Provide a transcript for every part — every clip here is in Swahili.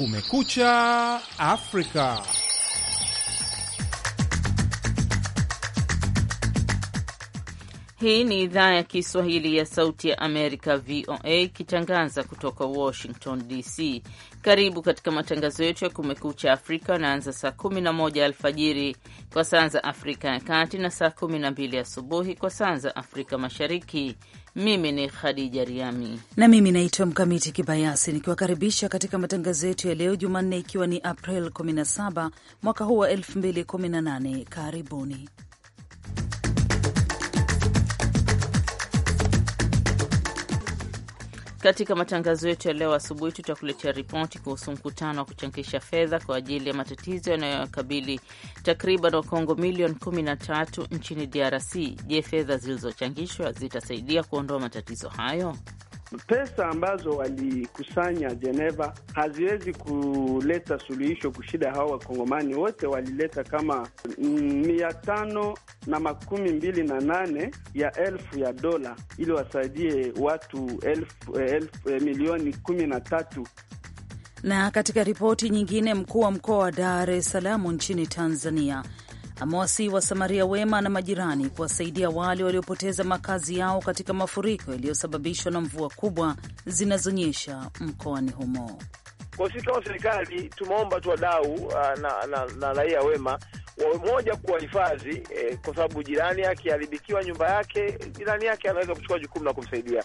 Kumekucha Afrika. Hii ni idhaa ya Kiswahili ya Sauti ya Amerika, VOA, ikitangaza kutoka Washington DC. Karibu katika matangazo yetu ya Kumekucha Afrika anaanza saa 11 alfajiri kwa saa za Afrika ya Kati na saa 12 asubuhi kwa saa za Afrika Mashariki. Mimi ni Khadija Riami na mimi naitwa Mkamiti Kibayasi, nikiwakaribisha katika matangazo yetu ya leo Jumanne, ikiwa ni April 17 mwaka huu wa 2018. Karibuni. Katika matangazo yetu ya leo asubuhi, tutakuletea ripoti kuhusu mkutano wa kuchangisha fedha kwa ajili ya matatizo yanayokabili takriban Wakongo milioni 13 nchini DRC. Je, fedha zilizochangishwa zitasaidia kuondoa matatizo hayo? pesa ambazo walikusanya Geneva haziwezi kuleta suluhisho kushida. Hao wakongomani wote walileta kama mia tano na makumi mbili na nane ya elfu ya dola ili wasaidie watu elfu, elfu, eh, milioni kumi na tatu. Na katika ripoti nyingine, mkuu wa mkoa wa Dar es Salaam nchini Tanzania amewasihi wa Samaria wema na majirani kuwasaidia wale waliopoteza makazi yao katika mafuriko yaliyosababishwa na mvua kubwa zinazonyesha mkoani humo. Kwa sisi kama serikali tumeomba tu wadau uh, na raia wema wawe moja kuwahifadhi eh, kwa sababu jirani akiharibikiwa nyumba yake, jirani yake anaweza kuchukua jukumu la kumsaidia.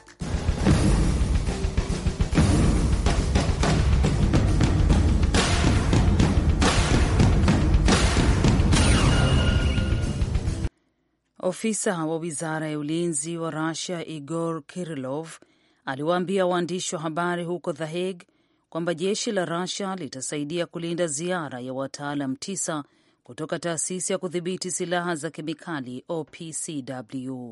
Ofisa wa wizara ya ulinzi wa Rusia Igor Kirilov aliwaambia waandishi wa habari huko The Hague kwamba jeshi la Rusia litasaidia kulinda ziara ya wataalam tisa kutoka taasisi ya kudhibiti silaha za kemikali OPCW.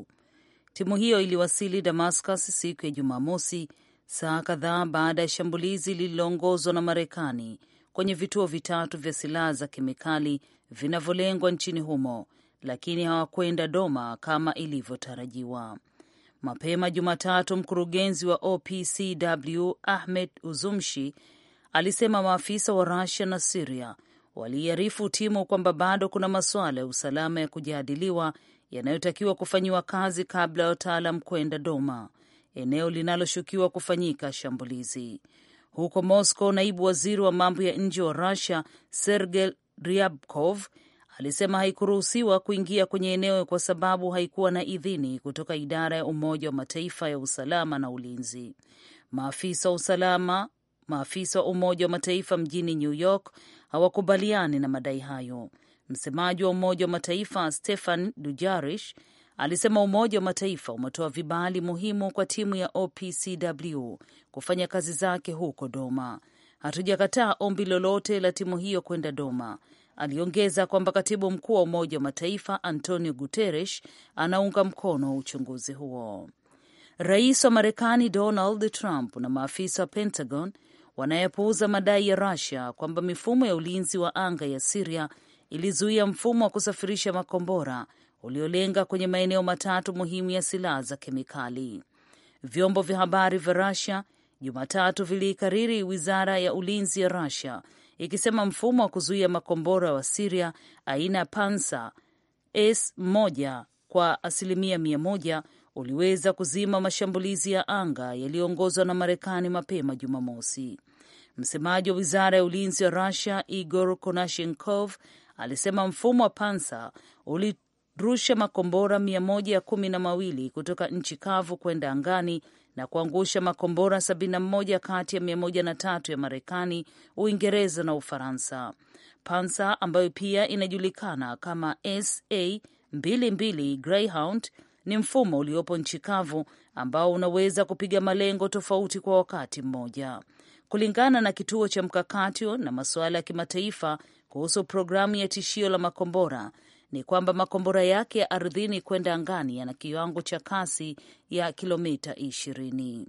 Timu hiyo iliwasili Damascus siku ya Jumamosi, saa kadhaa baada ya shambulizi lililoongozwa na Marekani kwenye vituo vitatu vya silaha za kemikali vinavyolengwa nchini humo lakini hawakwenda Doma kama ilivyotarajiwa. Mapema Jumatatu, mkurugenzi wa OPCW Ahmed Uzumshi alisema maafisa wa Rusia na Siria waliiarifu timu kwamba bado kuna masuala ya usalama ya kujadiliwa yanayotakiwa kufanyiwa kazi kabla ya wataalam kwenda Doma, eneo linaloshukiwa kufanyika shambulizi. Huko Moscow, naibu waziri wa mambo ya nje wa Rusia Sergei Ryabkov alisema haikuruhusiwa kuingia kwenye eneo kwa sababu haikuwa na idhini kutoka idara ya Umoja wa Mataifa ya usalama na ulinzi. Maafisa wa usalama, maafisa wa Umoja wa Mataifa mjini New York hawakubaliani na madai hayo. Msemaji wa Umoja wa Mataifa Stefan Dujarish alisema Umoja wa Mataifa umetoa vibali muhimu kwa timu ya OPCW kufanya kazi zake huko Doma. Hatujakataa ombi lolote la timu hiyo kwenda Doma, Aliongeza kwamba katibu mkuu wa Umoja wa Mataifa Antonio Guterres anaunga mkono uchunguzi huo. Rais wa Marekani Donald Trump na maafisa wa Pentagon wanayapuuza madai ya Russia kwamba mifumo ya ulinzi wa anga ya Siria ilizuia mfumo wa kusafirisha makombora uliolenga kwenye maeneo matatu muhimu ya silaha za kemikali. Vyombo vya habari vya rasia Jumatatu viliikariri wizara ya ulinzi ya rasia ikisema mfumo wa kuzuia makombora wa Siria aina ya Pansa S1 kwa asilimia mia moja uliweza kuzima mashambulizi ya anga yaliyoongozwa na Marekani mapema Jumamosi. Msemaji wa wizara ya ulinzi wa Rusia Igor Konashenkov alisema mfumo wa Pansa rusha makombora mia moja ya kumi na mawili kutoka nchi kavu kwenda angani na kuangusha makombora 71 kati ya tatu ya Marekani, Uingereza na Ufaransa. Pansa ambayo pia inajulikana kama SA-22 Greyhound ni mfumo uliopo nchi kavu ambao unaweza kupiga malengo tofauti kwa wakati mmoja. Kulingana na kituo cha mkakati na masuala ya kimataifa kuhusu programu ya tishio la makombora, ni kwamba makombora yake ya ardhini kwenda angani yana kiwango cha kasi ya kilomita ishirini.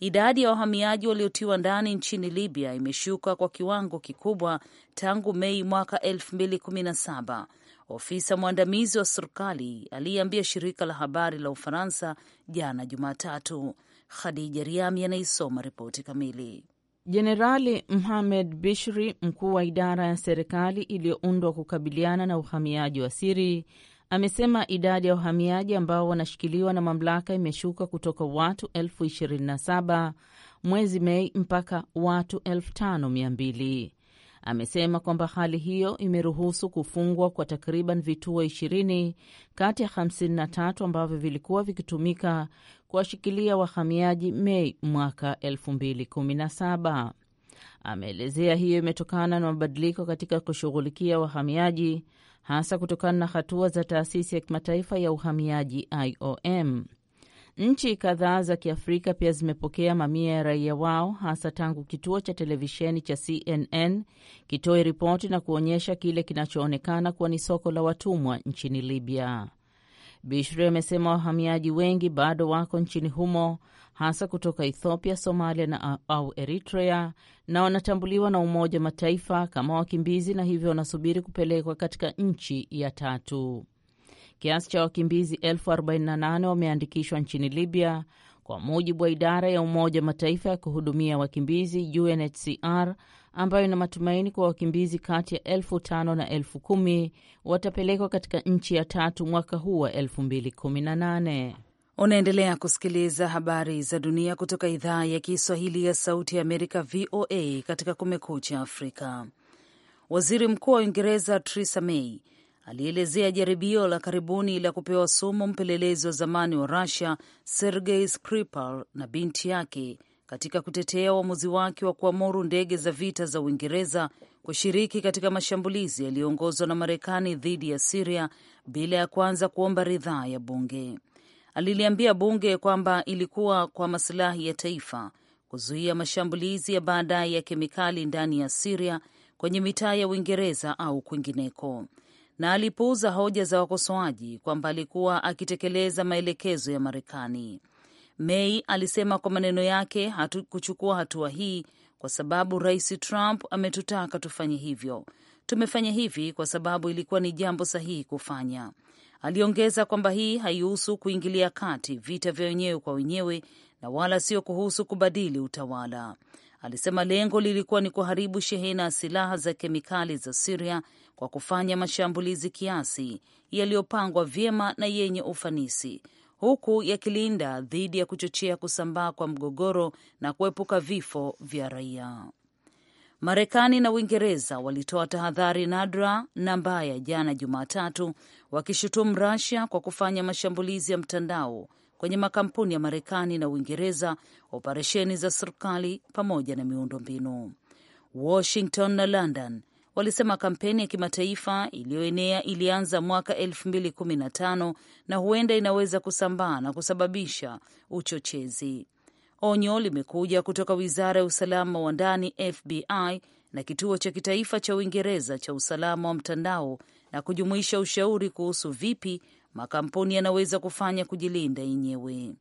Idadi ya wahamiaji waliotiwa ndani nchini Libya imeshuka kwa kiwango kikubwa tangu Mei mwaka 2017, ofisa mwandamizi wa serikali aliyeambia shirika la habari la Ufaransa jana Jumatatu. Khadija Riami anaisoma ripoti kamili. Jenerali Mohamed Bishri, mkuu wa idara ya serikali iliyoundwa kukabiliana na uhamiaji wa siri, amesema idadi ya wahamiaji ambao wanashikiliwa na mamlaka imeshuka kutoka watu elfu 27 mwezi Mei mpaka watu elfu 52 amesema kwamba hali hiyo imeruhusu kufungwa kwa takriban vituo ishirini kati ya 53 ambavyo vilikuwa vikitumika kuwashikilia wahamiaji Mei mwaka 2017. Ameelezea hiyo imetokana na mabadiliko katika kushughulikia wahamiaji hasa kutokana na hatua za taasisi ya kimataifa ya uhamiaji IOM. Nchi kadhaa za Kiafrika pia zimepokea mamia ya raia wao, hasa tangu kituo cha televisheni cha CNN kitoe ripoti na kuonyesha kile kinachoonekana kuwa ni soko la watumwa nchini Libya. Bishri amesema wahamiaji wengi bado wako nchini humo, hasa kutoka Ethiopia, Somalia na au Eritrea, na wanatambuliwa na Umoja wa Mataifa kama wakimbizi na hivyo wanasubiri kupelekwa katika nchi ya tatu. Kiasi cha wakimbizi 48 wameandikishwa nchini Libya kwa mujibu wa idara ya Umoja wa Mataifa ya kuhudumia wakimbizi UNHCR ambayo ina matumaini kuwa wakimbizi kati ya elfu tano na elfu kumi watapelekwa katika nchi ya tatu mwaka huu wa 2018. Unaendelea kusikiliza habari za dunia kutoka idhaa ya Kiswahili ya Sauti ya Amerika, VOA, katika Kumekucha Afrika. Waziri Mkuu wa Uingereza Theresa May alielezea jaribio la karibuni la kupewa sumu mpelelezi wa zamani wa Rusia Sergei Skripal na binti yake katika kutetea uamuzi wake wa kuamuru ndege za vita za Uingereza kushiriki katika mashambulizi yaliyoongozwa na Marekani dhidi ya Siria bila ya kwanza kuomba ridhaa ya bunge. Aliliambia bunge kwamba ilikuwa kwa masilahi ya taifa kuzuia mashambulizi ya baadaye ya kemikali ndani ya Siria, kwenye mitaa ya Uingereza au kwingineko na alipuuza hoja za wakosoaji kwamba alikuwa akitekeleza maelekezo ya Marekani. Mei alisema kwa maneno yake, kuchukua hatua hii kwa sababu Rais Trump ametutaka tufanye hivyo. Tumefanya hivi kwa sababu ilikuwa ni jambo sahihi kufanya. Aliongeza kwamba hii haihusu kuingilia kati vita vya wenyewe kwa wenyewe na wala sio kuhusu kubadili utawala alisema lengo lilikuwa ni kuharibu shehena ya silaha za kemikali za Siria kwa kufanya mashambulizi kiasi yaliyopangwa vyema na yenye ufanisi huku yakilinda dhidi ya kuchochea kusambaa kwa mgogoro na kuepuka vifo vya raia. Marekani na Uingereza walitoa tahadhari nadra na mbaya jana Jumatatu, wakishutumu Russia kwa kufanya mashambulizi ya mtandao kwenye makampuni ya Marekani na Uingereza, operesheni za serikali pamoja na miundombinu. Washington na London walisema kampeni ya kimataifa iliyoenea ilianza mwaka 2015 na huenda inaweza kusambaa na kusababisha uchochezi. Onyo limekuja kutoka wizara ya usalama wa ndani FBI na kituo cha kitaifa cha Uingereza cha usalama wa mtandao na kujumuisha ushauri kuhusu vipi makampuni yanaweza kufanya kujilinda yenyewe.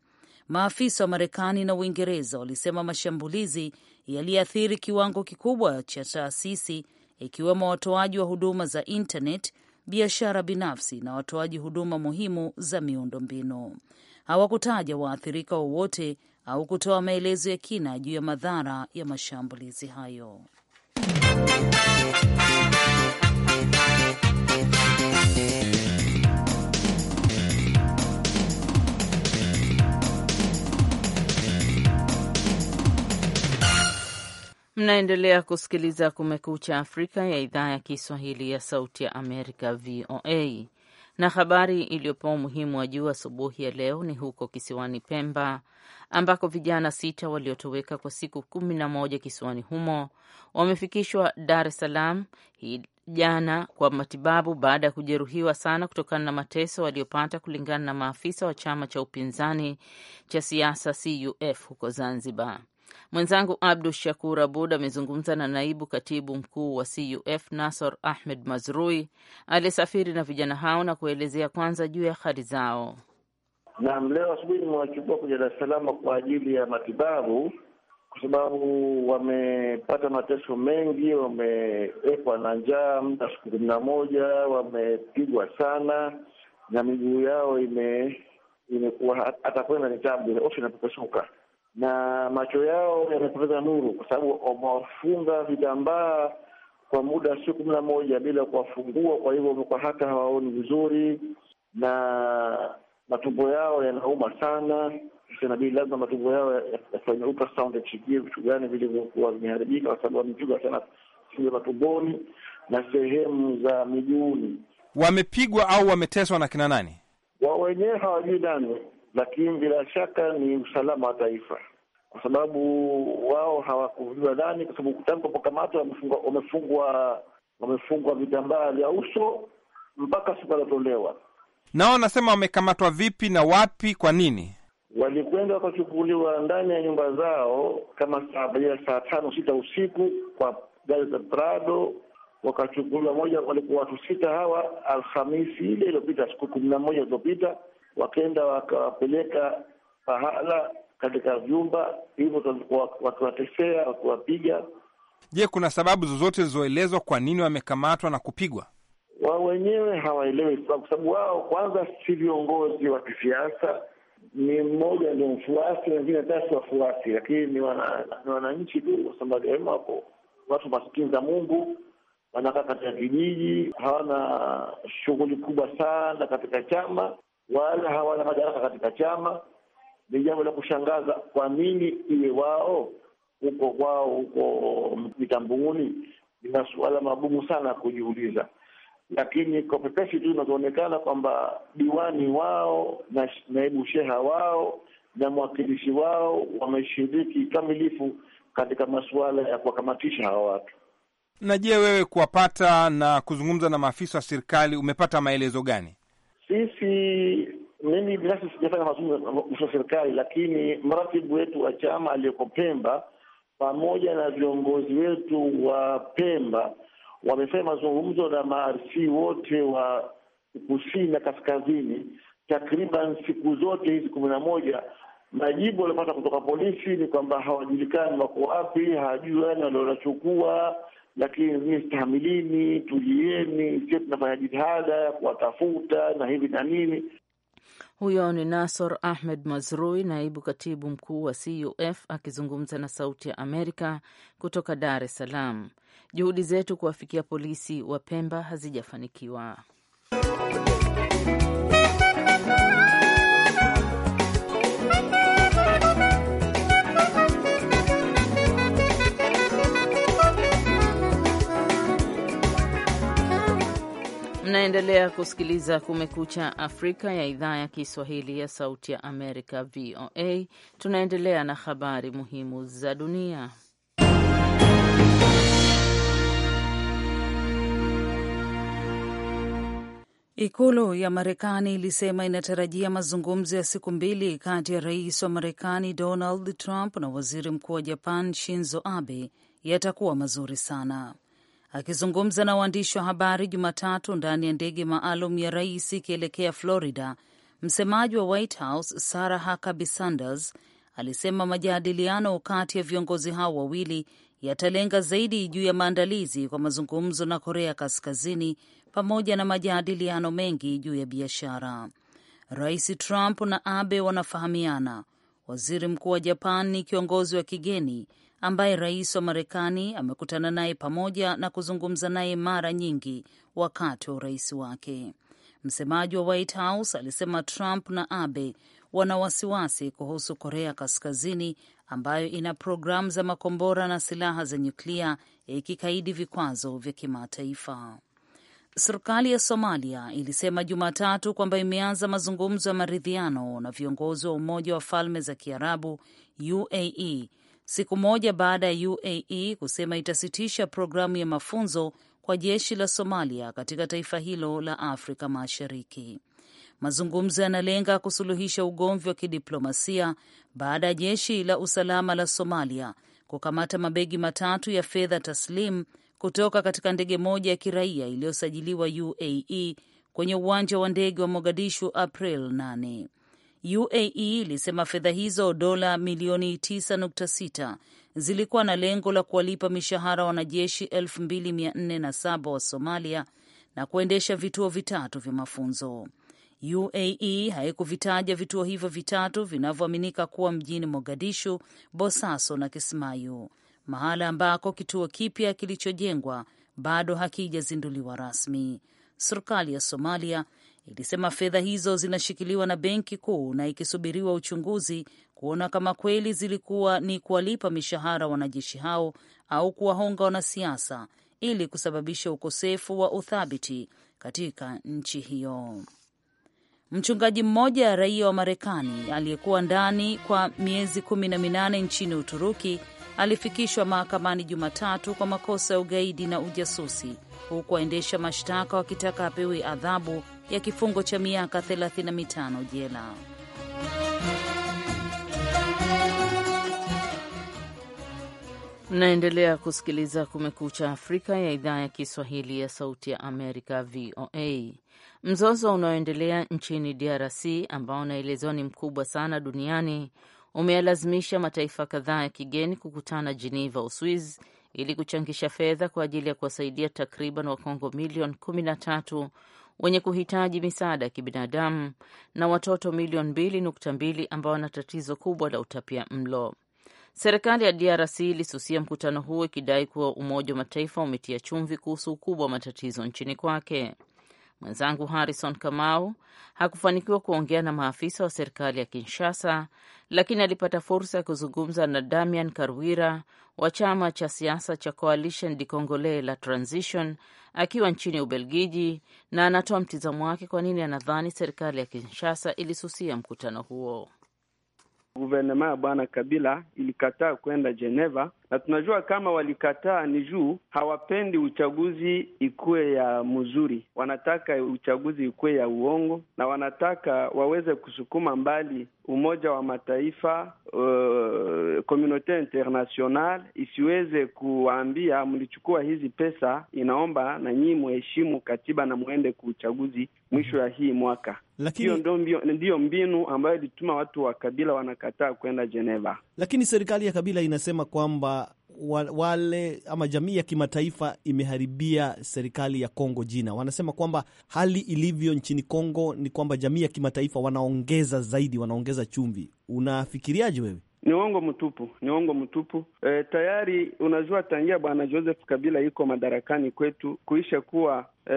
Maafisa wa Marekani na Uingereza walisema mashambulizi yaliathiri kiwango kikubwa cha taasisi, ikiwemo watoaji wa huduma za intanet, biashara binafsi na watoaji huduma muhimu za miundombinu. Hawakutaja waathirika wowote au kutoa maelezo ya kina juu ya madhara ya mashambulizi hayo. Mnaendelea kusikiliza Kumekucha Afrika ya idhaa ya Kiswahili ya Sauti ya Amerika, VOA. Na habari iliyopewa umuhimu wa juu asubuhi ya leo ni huko kisiwani Pemba, ambako vijana sita waliotoweka kwa siku kumi na moja kisiwani humo wamefikishwa Dar es Salaam jana kwa matibabu baada ya kujeruhiwa sana kutokana na mateso waliopata, kulingana na maafisa wa chama cha upinzani cha siasa CUF huko Zanzibar. Mwenzangu Abdu Shakur Abud amezungumza na naibu katibu mkuu wa CUF Nasor Ahmed Mazrui aliyesafiri na vijana hao na kuelezea kwanza juu ya hali zao. Naam, leo asubuhi nimewachukua kuja Dar es Salaam kwa ajili ya matibabu kwa sababu wamepata mateso mengi, wamewekwa na njaa muda siku kumi na moja, wamepigwa sana na miguu yao ime- imekuwa hata kwenda ni tabu, ofi inapopasuka na macho yao yamepoteza nuru, kwa sababu wamewafunga vitambaa kwa muda wa siku kumi na moja bila kuwafungua. Kwa hivyo wamekuwa hata hawaoni vizuri na matumbo yao yanauma sana. Inabidi lazima matumbo yao yafanye ultrasound, yachikie vitu gani vilivyokuwa vimeharibika, kwa sababu wamepigwa sana sehemu matumboni na sehemu za miguuni. Wamepigwa au wameteswa na kina nani? Wao wenyewe hawajui nani lakini bila shaka ni usalama wa taifa, kwa sababu wao hawakuviwa dhani, kwa sababu tangu wapokamatwa wamefungwa wamefungwa vitambaa vya uso mpaka siku aliotolewa. Nao wanasema wamekamatwa vipi na wapi? Kwa nini walikwenda wakachukuliwa ndani ya nyumba zao kama saa tano sita usiku kwa gari za Prado wakachukuliwa moja, walikuwa watu sita hawa, Alhamisi ile iliyopita, siku kumi na moja iliyopita wakenda wakawapeleka pahala katika vyumba hivyo, wakiwatesea wakiwapiga. Je, kuna sababu zozote zilizoelezwa kwa nini wamekamatwa na kupigwa? Wao wenyewe hawaelewi, kwa sababu wao kwanza si viongozi wa kisiasa, ni mmoja ndio mfuasi, wengine hata si wafuasi, lakini ni wananchi tu, kwa sababu wako watu masikini za Mungu, wanakaa katika kijiji, hawana shughuli kubwa sana katika chama wala hawana madaraka katika chama. Ni jambo la kushangaza, kwa nini iwe wao huko kwao huko mitambuni? Ni masuala magumu sana ya kujiuliza, lakini kwa pepesi tu inavyoonekana kwamba diwani wao na naibu sheha wao na mwakilishi wao wameshiriki kamilifu katika masuala ya kuwakamatisha hawa watu. Na je, wewe kuwapata na kuzungumza na maafisa wa serikali umepata maelezo gani? Sisi mimi binafsi sijafanya mazungumzo na serikali, lakini mratibu wetu wa chama aliyoko Pemba pamoja na viongozi wetu wa Pemba wamefanya mazungumzo na maarsi wote wa kusini na kaskazini takriban siku zote hizi kumi na moja. Majibu waliopata kutoka polisi ni kwamba hawajulikani wako wapi, hawajui yani walionachukua lakini nyie stahamilini, tulieni, sio tunafanya jitihada ya kuwatafuta na hivi na nini. Huyo ni Nasor Ahmed Mazrui, naibu katibu mkuu wa CUF akizungumza na Sauti ya Amerika kutoka Dar es Salaam. Juhudi zetu kuwafikia polisi wa Pemba hazijafanikiwa. Mnaendelea kusikiliza Kumekucha Afrika ya idhaa ya Kiswahili ya Sauti ya Amerika, VOA. Tunaendelea na habari muhimu za dunia. Ikulu ya Marekani ilisema inatarajia mazungumzo ya siku mbili kati ya rais wa Marekani Donald Trump na waziri mkuu wa Japan Shinzo Abe yatakuwa mazuri sana. Akizungumza na waandishi wa habari Jumatatu ndani ya ndege maalum ya rais ikielekea Florida, msemaji wa White House Sarah Huckabee Sanders alisema majadiliano kati ya viongozi hao wawili yatalenga zaidi juu ya maandalizi kwa mazungumzo na Korea Kaskazini pamoja na majadiliano mengi juu ya biashara. Rais Trump na Abe wanafahamiana. Waziri mkuu wa Japan ni kiongozi wa kigeni ambaye rais wa Marekani amekutana naye pamoja na kuzungumza naye mara nyingi wakati wa urais wake. Msemaji wa White House alisema Trump na Abe wana wasiwasi kuhusu Korea Kaskazini ambayo ina programu za makombora na silaha za nyuklia ikikaidi vikwazo vya kimataifa. Serikali ya Somalia ilisema Jumatatu kwamba imeanza mazungumzo ya maridhiano na viongozi wa Umoja wa Falme za Kiarabu, UAE, siku moja baada ya UAE kusema itasitisha programu ya mafunzo kwa jeshi la Somalia katika taifa hilo la Afrika Mashariki. Mazungumzo yanalenga kusuluhisha ugomvi wa kidiplomasia baada ya jeshi la usalama la Somalia kukamata mabegi matatu ya fedha taslim kutoka katika ndege moja ya kiraia iliyosajiliwa UAE kwenye uwanja wa ndege wa Mogadishu April 8. UAE ilisema fedha hizo dola milioni 9.6 zilikuwa na lengo la kuwalipa mishahara wanajeshi 2407 wa Somalia na kuendesha vituo vitatu vya mafunzo. UAE haikuvitaja vituo hivyo vitatu vinavyoaminika kuwa mjini Mogadishu, Bosaso na Kismayu, mahala ambako kituo kipya kilichojengwa bado hakijazinduliwa rasmi. Serikali ya Somalia ilisema fedha hizo zinashikiliwa na benki kuu na ikisubiriwa uchunguzi kuona kama kweli zilikuwa ni kuwalipa mishahara wanajeshi hao au kuwahonga wanasiasa ili kusababisha ukosefu wa uthabiti katika nchi hiyo. Mchungaji mmoja raia wa Marekani aliyekuwa ndani kwa miezi kumi na minane nchini Uturuki alifikishwa mahakamani Jumatatu kwa makosa ya ugaidi na ujasusi, huku waendesha mashtaka wakitaka apewe adhabu ya kifungo cha miaka 35 jela. Mnaendelea kusikiliza Kumekucha Afrika ya idhaa ya Kiswahili ya Sauti ya Amerika, VOA. Mzozo unaoendelea nchini DRC ambao unaelezewa ni mkubwa sana duniani umeyalazimisha mataifa kadhaa ya kigeni kukutana Geneva, Uswiz, ili kuchangisha fedha kwa ajili ya kuwasaidia takriban Wakongo milioni 13 wenye kuhitaji misaada ya kibinadamu na watoto milioni mbili nukta mbili ambao wana tatizo kubwa la utapia mlo. Serikali ya DRC ilisusia mkutano huo ikidai kuwa Umoja wa Mataifa umetia chumvi kuhusu ukubwa wa matatizo nchini kwake. Mwenzangu Harrison Kamau hakufanikiwa kuongea na maafisa wa serikali ya Kinshasa, lakini alipata fursa ya kuzungumza na Damian Karwira wa chama cha siasa cha Coalition de Congolais la Transition akiwa nchini Ubelgiji, na anatoa mtizamo wake kwa nini anadhani serikali ya Kinshasa ilisusia mkutano huo. Guvernema ya bwana Kabila ilikataa kwenda Geneva na tunajua kama walikataa ni juu hawapendi uchaguzi ikuwe ya mzuri, wanataka uchaguzi ikuwe ya uongo, na wanataka waweze kusukuma mbali Umoja wa Mataifa, uh, komunote international isiweze kuwaambia mlichukua hizi pesa, inaomba na nyinyi muheshimu katiba na mwende kuuchaguzi mwisho ya hii mwaka. Lakini ndiyo mbinu ambayo ilituma watu wa Kabila wanakataa kwenda Geneva. Lakini serikali ya Kabila inasema kwamba wale ama jamii ya kimataifa imeharibia serikali ya Kongo jina. Wanasema kwamba hali ilivyo nchini Kongo ni kwamba jamii ya kimataifa wanaongeza zaidi, wanaongeza chumvi. Unafikiriaje wewe? Ni uongo mtupu, ni uongo mtupu. E, tayari unajua, tangia bwana Joseph Kabila iko madarakani kwetu kuisha kuwa e,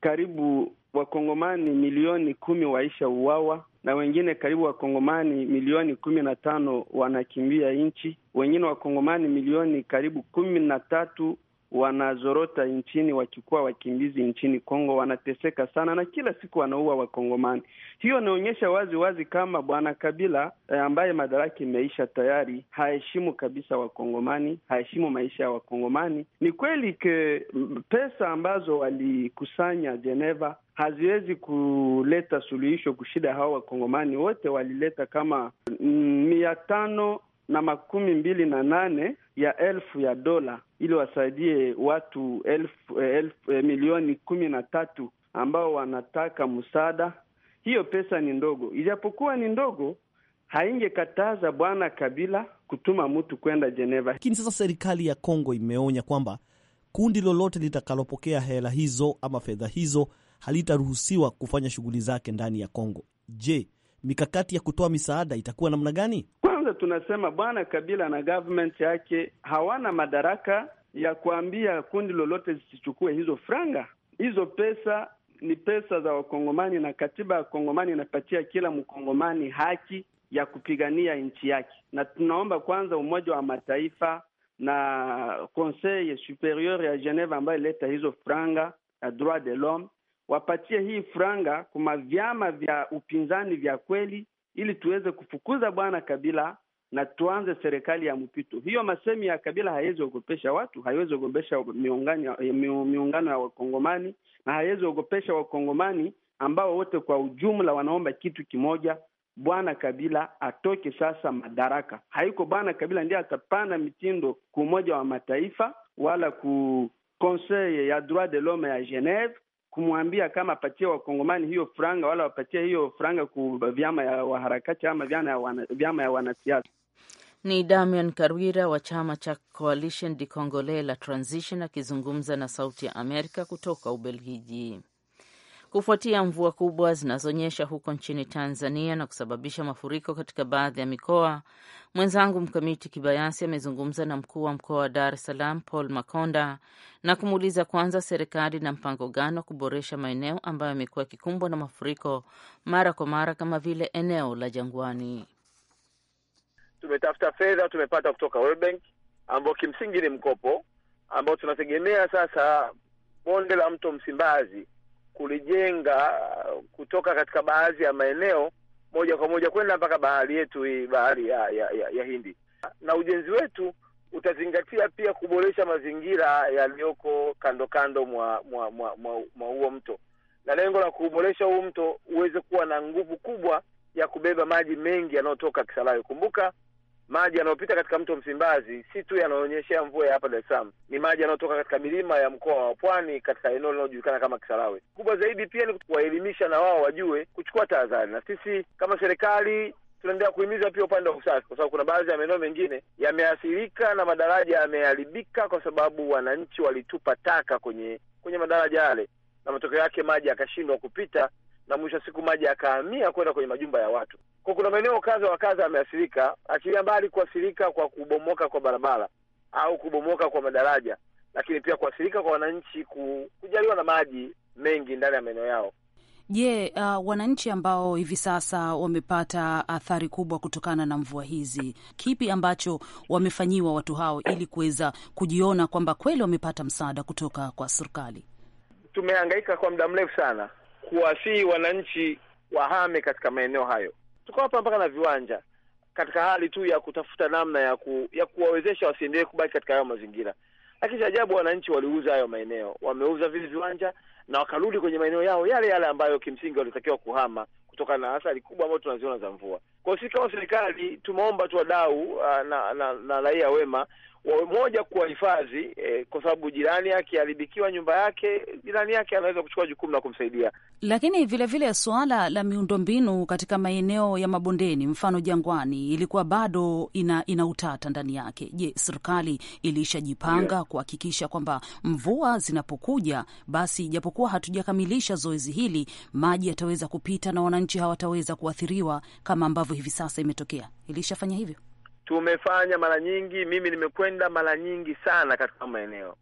karibu wakongomani milioni kumi waisha uwawa na wengine karibu wakongomani milioni kumi na tano wanakimbia nchi, wengine wakongomani milioni karibu kumi na tatu wanazorota nchini wakikuwa wakimbizi nchini Kongo, wanateseka sana na kila siku wanaua Wakongomani. Hiyo inaonyesha wazi wazi kama Bwana Kabila eh, ambaye madaraka imeisha tayari, haheshimu kabisa Wakongomani, haheshimu maisha ya Wakongomani. Ni kweli ke pesa ambazo walikusanya Geneva haziwezi kuleta suluhisho kushida hawa Wakongomani wote. Walileta kama mm, mia tano na makumi mbili na nane ya elfu ya dola ili wasaidie watu elfu, elfu, eh, milioni kumi na tatu ambao wanataka msaada. Hiyo pesa ni ndogo, ijapokuwa ni ndogo haingekataza Bwana Kabila kutuma mtu kwenda Geneva. Lakini sasa serikali ya Kongo imeonya kwamba kundi lolote litakalopokea hela hizo ama fedha hizo halitaruhusiwa kufanya shughuli zake ndani ya Kongo. Je, mikakati ya kutoa misaada itakuwa namna gani? Kwanza tunasema bwana Kabila na government yake hawana madaraka ya kuambia kundi lolote zisichukue hizo franga. Hizo pesa ni pesa za Wakongomani na katiba ya Kongomani inapatia kila Mkongomani haki ya kupigania nchi yake, na tunaomba kwanza Umoja wa Mataifa na Conseil Superieur ya Geneva ambayo ileta hizo franga ya droit de l'homme wapatie hii franga kuma vyama vya upinzani vya kweli, ili tuweze kufukuza bwana Kabila na tuanze serikali ya mpito. Hiyo masemi ya Kabila haiwezi ogopesha watu, haiwezi ogopesha miungano ya Wakongomani na haiwezi ogopesha Wakongomani ambao wote kwa ujumla wanaomba kitu kimoja, bwana Kabila atoke sasa madaraka. Haiko bwana Kabila ndiye atapana mitindo ku Umoja wa Mataifa wala ku Conseil ya Droit de l'Homme ya Geneve kumwambia kama apatie wakongomani hiyo franga wala wapatie hiyo franga ku vyama ya waharakati ama vyama ya wanasiasa. Ni Damian Karwira wa chama cha Coalition de Congolais la Transition akizungumza na Sauti ya Amerika kutoka Ubelgiji kufuatia mvua kubwa zinazonyesha huko nchini Tanzania na kusababisha mafuriko katika baadhi ya mikoa. Mwenzangu Mkamiti Kibayasi amezungumza na mkuu wa mkoa wa Dar es Salaam Paul Makonda na kumuuliza kwanza, serikali na mpango gani wa kuboresha maeneo ambayo yamekuwa yakikumbwa na mafuriko mara kwa mara kama vile eneo la Jangwani. Tumetafuta fedha tumepata kutoka World Bank, ambao kimsingi ni mkopo ambao tunategemea sasa bonde la mto Msimbazi kulijenga kutoka katika baadhi ya maeneo moja kwa moja kwenda mpaka bahari yetu hii, bahari ya, ya, ya, ya Hindi, na ujenzi wetu utazingatia pia kuboresha mazingira yaliyoko kando kando mwa mwa mwa, mwa, mwa huo mto, na lengo la kuboresha huo mto uweze kuwa na nguvu kubwa ya kubeba maji mengi yanayotoka Kisarawe. Kumbuka maji yanayopita katika mto Msimbazi si tu yanaonyeshea mvua ya hapa Dar es Salaam, ni maji yanayotoka katika milima ya mkoa wa Pwani katika eneo linalojulikana kama Kisarawe. Kubwa zaidi pia ni kuwaelimisha na wao wajue kuchukua tahadhari, na sisi kama serikali tunaendelea kuhimiza pia upande wa usafi, kwa sababu kuna baadhi ya maeneo mengine yameathirika na madaraja yameharibika kwa sababu wananchi walitupa taka kwenye kwenye madaraja yale, na matokeo yake maji yakashindwa kupita na mwisho wa siku maji yakahamia kwenda kwenye majumba ya watu. Kwa kuna maeneo kadha wa kadha yameathirika, akilia mbali kuathirika kwa kubomoka kwa barabara au kubomoka kwa madaraja, lakini pia kuathirika kwa wananchi kujaliwa na maji mengi ndani ya maeneo yao. Je, yeah, uh, wananchi ambao hivi sasa wamepata athari kubwa kutokana na mvua hizi, kipi ambacho wamefanyiwa watu hao ili kuweza kujiona kwamba kweli wamepata msaada kutoka kwa serikali? Tumehangaika kwa muda mrefu sana kuwasihi wananchi wahame katika maeneo hayo. Tuko hapa mpaka na viwanja katika hali tu ya kutafuta namna ya ku, ya kuwawezesha wasiendelee kubaki katika hayo mazingira. Lakini ajabu, wananchi waliuza hayo maeneo, wameuza vile viwanja na wakarudi kwenye maeneo yao yale yale ambayo kimsingi walitakiwa kuhama kutokana na athari kubwa ambayo tunaziona za mvua. Kwa sisi kama serikali tumeomba tu wadau uh, na, na, na raia wema wawe moja kuwahifadhi eh, kwa sababu jirani yake aliharibikiwa nyumba yake, jirani yake anaweza kuchukua jukumu la kumsaidia. Lakini vilevile suala la miundombinu katika maeneo ya mabondeni, mfano Jangwani, ilikuwa bado ina, ina utata ndani yake. Je, serikali ilishajipanga yeah, kuhakikisha kwamba mvua zinapokuja basi, japokuwa hatujakamilisha zoezi hili, maji yataweza kupita na wananchi hawataweza kuathiriwa kama ambavyo hivi sasa imetokea? Ilishafanya hivyo? Tumefanya mara nyingi, mimi nimekwenda mara nyingi sana katika maeneo,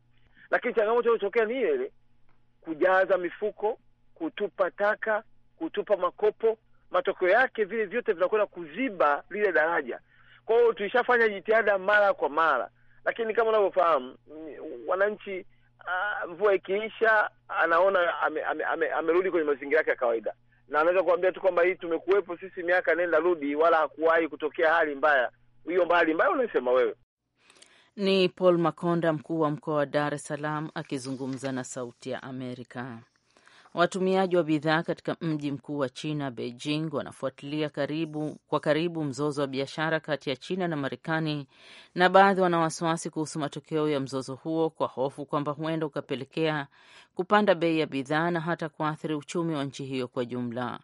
lakini changamoto iliyotokea ni ile ile, kujaza mifuko, kutupa taka, kutupa makopo. Matokeo yake vile vyote vinakwenda kuziba lile daraja. Kwa hiyo tulishafanya jitihada mara kwa mara, lakini kama unavyofahamu wananchi, uh, mvua ikiisha anaona amerudi ame, ame, ame kwenye mazingira yake ya kawaida na anaweza kuambia tu kwamba hii tumekuwepo sisi miaka nenda rudi, wala hakuwahi kutokea hali mbaya. Hiyo hali mbaya unaisema wewe. Ni Paul Makonda, mkuu wa mkoa wa Dar es Salaam, akizungumza na Sauti ya Amerika. Watumiaji wa bidhaa katika mji mkuu wa China, Beijing, wanafuatilia karibu, kwa karibu mzozo wa biashara kati ya China na Marekani, na baadhi wana wasiwasi kuhusu matokeo ya mzozo huo kwa hofu kwamba huenda ukapelekea kupanda bei ya bidhaa na hata kuathiri uchumi wa nchi hiyo kwa jumla.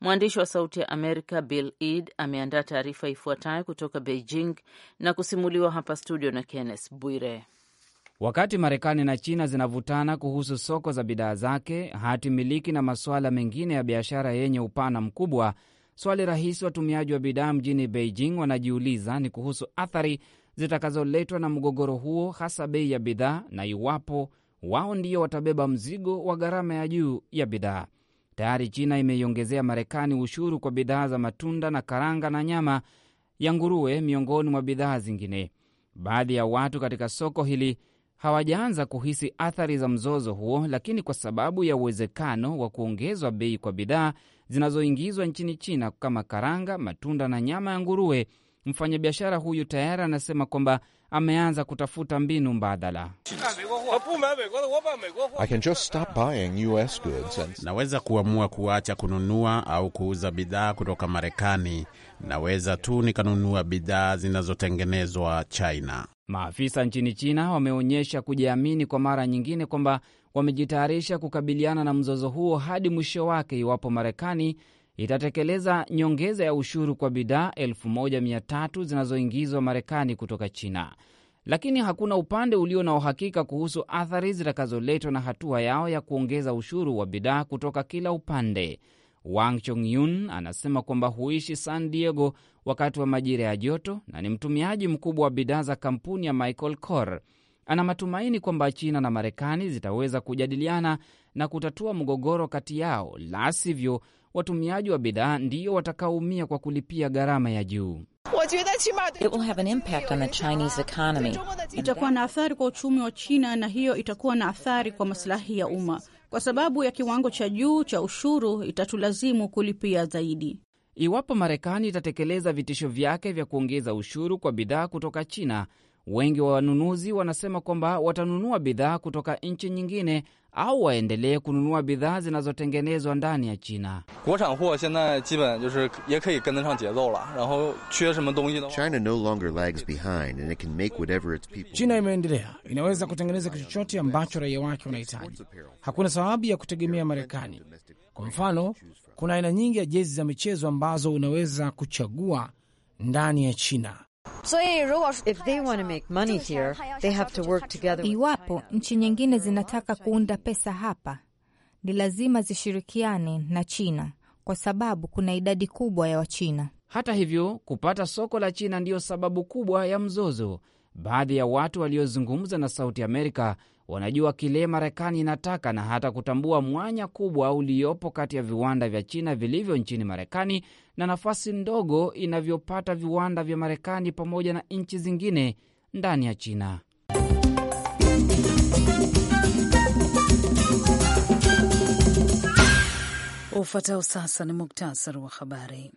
Mwandishi wa Sauti ya Amerika Bill Ed ameandaa taarifa ifuatayo kutoka Beijing na kusimuliwa hapa studio na Kenneth Bwire. Wakati Marekani na China zinavutana kuhusu soko za bidhaa zake, hati miliki na masuala mengine ya biashara yenye upana mkubwa, swali rahisi watumiaji wa bidhaa mjini Beijing wanajiuliza ni kuhusu athari zitakazoletwa na mgogoro huo, hasa bei ya bidhaa na iwapo wao ndio watabeba mzigo wa gharama ya juu ya bidhaa. Tayari China imeiongezea Marekani ushuru kwa bidhaa za matunda na karanga na nyama ya nguruwe, miongoni mwa bidhaa zingine. Baadhi ya watu katika soko hili hawajaanza kuhisi athari za mzozo huo, lakini kwa sababu ya uwezekano wa kuongezwa bei kwa bidhaa zinazoingizwa nchini China kama karanga, matunda na nyama ya nguruwe, mfanyabiashara huyu tayari anasema kwamba ameanza kutafuta mbinu mbadala. Naweza kuamua kuacha kununua au kuuza bidhaa kutoka Marekani naweza tu nikanunua bidhaa zinazotengenezwa China. Maafisa nchini China wameonyesha kujiamini kwa mara nyingine kwamba wamejitayarisha kukabiliana na mzozo huo hadi mwisho wake iwapo Marekani itatekeleza nyongeza ya ushuru kwa bidhaa 1300 zinazoingizwa Marekani kutoka China, lakini hakuna upande ulio na uhakika kuhusu athari zitakazoletwa na hatua yao ya kuongeza ushuru wa bidhaa kutoka kila upande. Wang Chongyun anasema kwamba huishi San Diego wakati wa majira ya joto na ni mtumiaji mkubwa wa bidhaa za kampuni ya Michael Kor. Ana matumaini kwamba China na Marekani zitaweza kujadiliana na kutatua mgogoro kati yao, la sivyo watumiaji wa bidhaa ndiyo watakaoumia kwa kulipia gharama ya juu. Itakuwa na athari kwa uchumi wa China na hiyo itakuwa na athari kwa masilahi ya umma kwa sababu ya kiwango cha juu cha ushuru itatulazimu kulipia zaidi. Iwapo Marekani itatekeleza vitisho vyake vya kuongeza ushuru kwa bidhaa kutoka China Wengi wa wanunuzi wanasema kwamba watanunua bidhaa kutoka nchi nyingine au waendelee kununua bidhaa zinazotengenezwa ndani ya China. China no longer lags behind and it can make whatever its people. China imeendelea, inaweza kutengeneza kichochote ambacho raia wake wanahitaji. Hakuna sababu ya kutegemea Marekani. Kwa mfano, kuna aina nyingi ya jezi za michezo ambazo unaweza kuchagua ndani ya China Iwapo nchi nyingine zinataka kuunda pesa hapa, ni lazima zishirikiane na China kwa sababu kuna idadi kubwa ya Wachina. Hata hivyo, kupata soko la China ndiyo sababu kubwa ya mzozo. Baadhi ya watu waliozungumza na Sauti Amerika wanajua kile Marekani inataka na hata kutambua mwanya kubwa uliopo kati ya viwanda vya China vilivyo nchini Marekani na nafasi ndogo inavyopata viwanda vya Marekani pamoja na nchi zingine ndani ya China. Ufuatao sasa ni muktasari wa habari.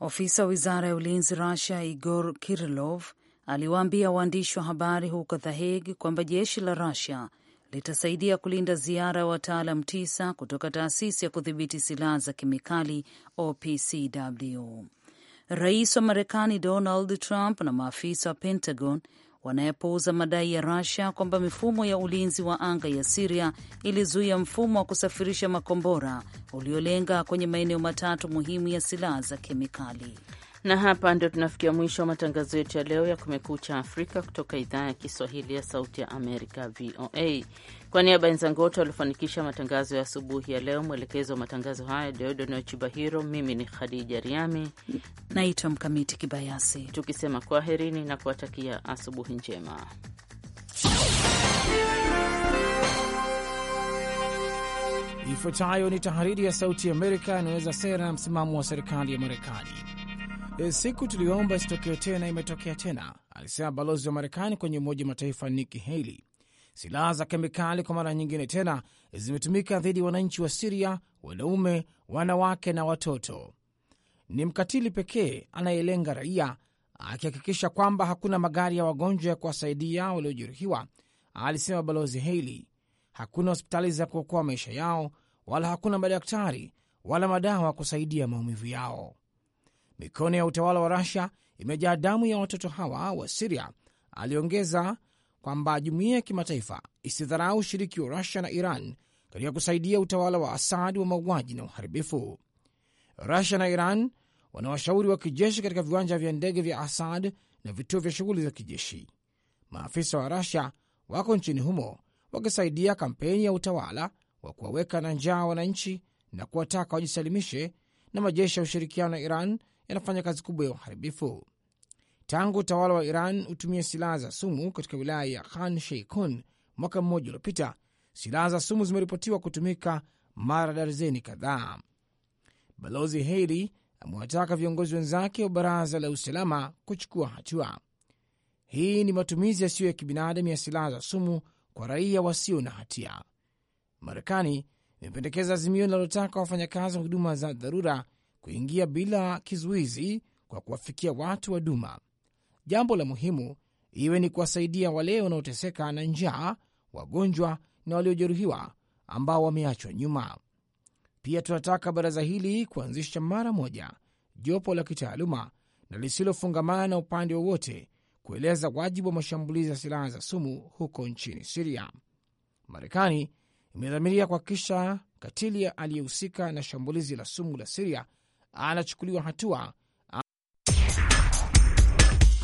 Ofisa wa wizara ya ulinzi Rusia Igor Kirilov aliwaambia waandishi wa habari huko The Hague kwamba jeshi la Russia litasaidia kulinda ziara ya wataalam tisa kutoka taasisi ya kudhibiti silaha za kemikali OPCW. Rais wa Marekani Donald Trump na maafisa wa Pentagon wanayepuuza madai ya Russia kwamba mifumo ya ulinzi wa anga ya Siria ilizuia mfumo wa kusafirisha makombora uliolenga kwenye maeneo matatu muhimu ya silaha za kemikali. Na hapa ndio tunafikia mwisho wa matangazo yetu ya leo ya Kumekucha Afrika kutoka idhaa ya Kiswahili ya Sauti ya Amerika, VOA. Kwa niaba ya wenzangu wote waliofanikisha matangazo ya asubuhi ya leo, mwelekezo wa matangazo haya Deodonio Chibahiro, mimi ni Khadija Riami naitwa Mkamiti Kibayasi, tukisema kwaherini na kuwatakia asubuhi njema. Ifuatayo ni tahariri ya Sauti ya Amerika inaweza sera na msimamo wa serikali ya Marekani. E, siku tuliyoomba isitokee tena imetokea tena, alisema balozi wa Marekani kwenye Umoja wa Mataifa Nikki Haley. Silaha za kemikali kwa mara nyingine tena zimetumika dhidi ya wananchi wa Siria, wanaume, wanawake na watoto. Ni mkatili pekee anayelenga raia, akihakikisha kwamba hakuna magari ya wagonjwa ya kuwasaidia waliojeruhiwa, alisema balozi Haley. Hakuna hospitali za kuokoa maisha yao, wala hakuna madaktari wala madawa kusaidia maumivu yao mikono ya utawala wa Rusia imejaa damu ya watoto hawa wa Siria. Aliongeza kwamba jumuiya ya kimataifa isidharau ushiriki wa Rusia na Iran katika kusaidia utawala wa Asad wa mauaji na uharibifu. Rusia na Iran wana washauri wa kijeshi katika viwanja vya ndege vya Asad na vituo vya shughuli za kijeshi. Maafisa wa Rusia wako nchini humo wakisaidia kampeni ya utawala wa kuwaweka na njaa wananchi na kuwataka wajisalimishe na majeshi ya ushirikiano na Iran yanafanya kazi kubwa ya uharibifu. Tangu utawala wa Iran hutumia silaha za sumu katika wilaya ya Khan Sheikun mwaka mmoja uliopita, silaha za sumu zimeripotiwa kutumika mara darzeni kadhaa. Balozi heli amewataka viongozi wenzake wa Baraza la Usalama kuchukua hatua. Hii ni matumizi yasiyo ya kibinadamu ya silaha za sumu kwa raia wasio na hatia. Marekani imependekeza azimio linalotaka wafanyakazi wa huduma za dharura kuingia bila kizuizi kwa kuwafikia watu wa Duma. Jambo la muhimu iwe ni kuwasaidia wale wanaoteseka na njaa, wagonjwa na waliojeruhiwa ambao wameachwa nyuma. Pia tunataka baraza hili kuanzisha mara moja jopo la kitaaluma na lisilofungamana na upande wowote kueleza wajibu wa mashambulizi ya silaha za sumu huko nchini Siria. Marekani imedhamiria kuhakikisha katili aliyehusika na shambulizi la sumu la Siria anachukuliwa hatua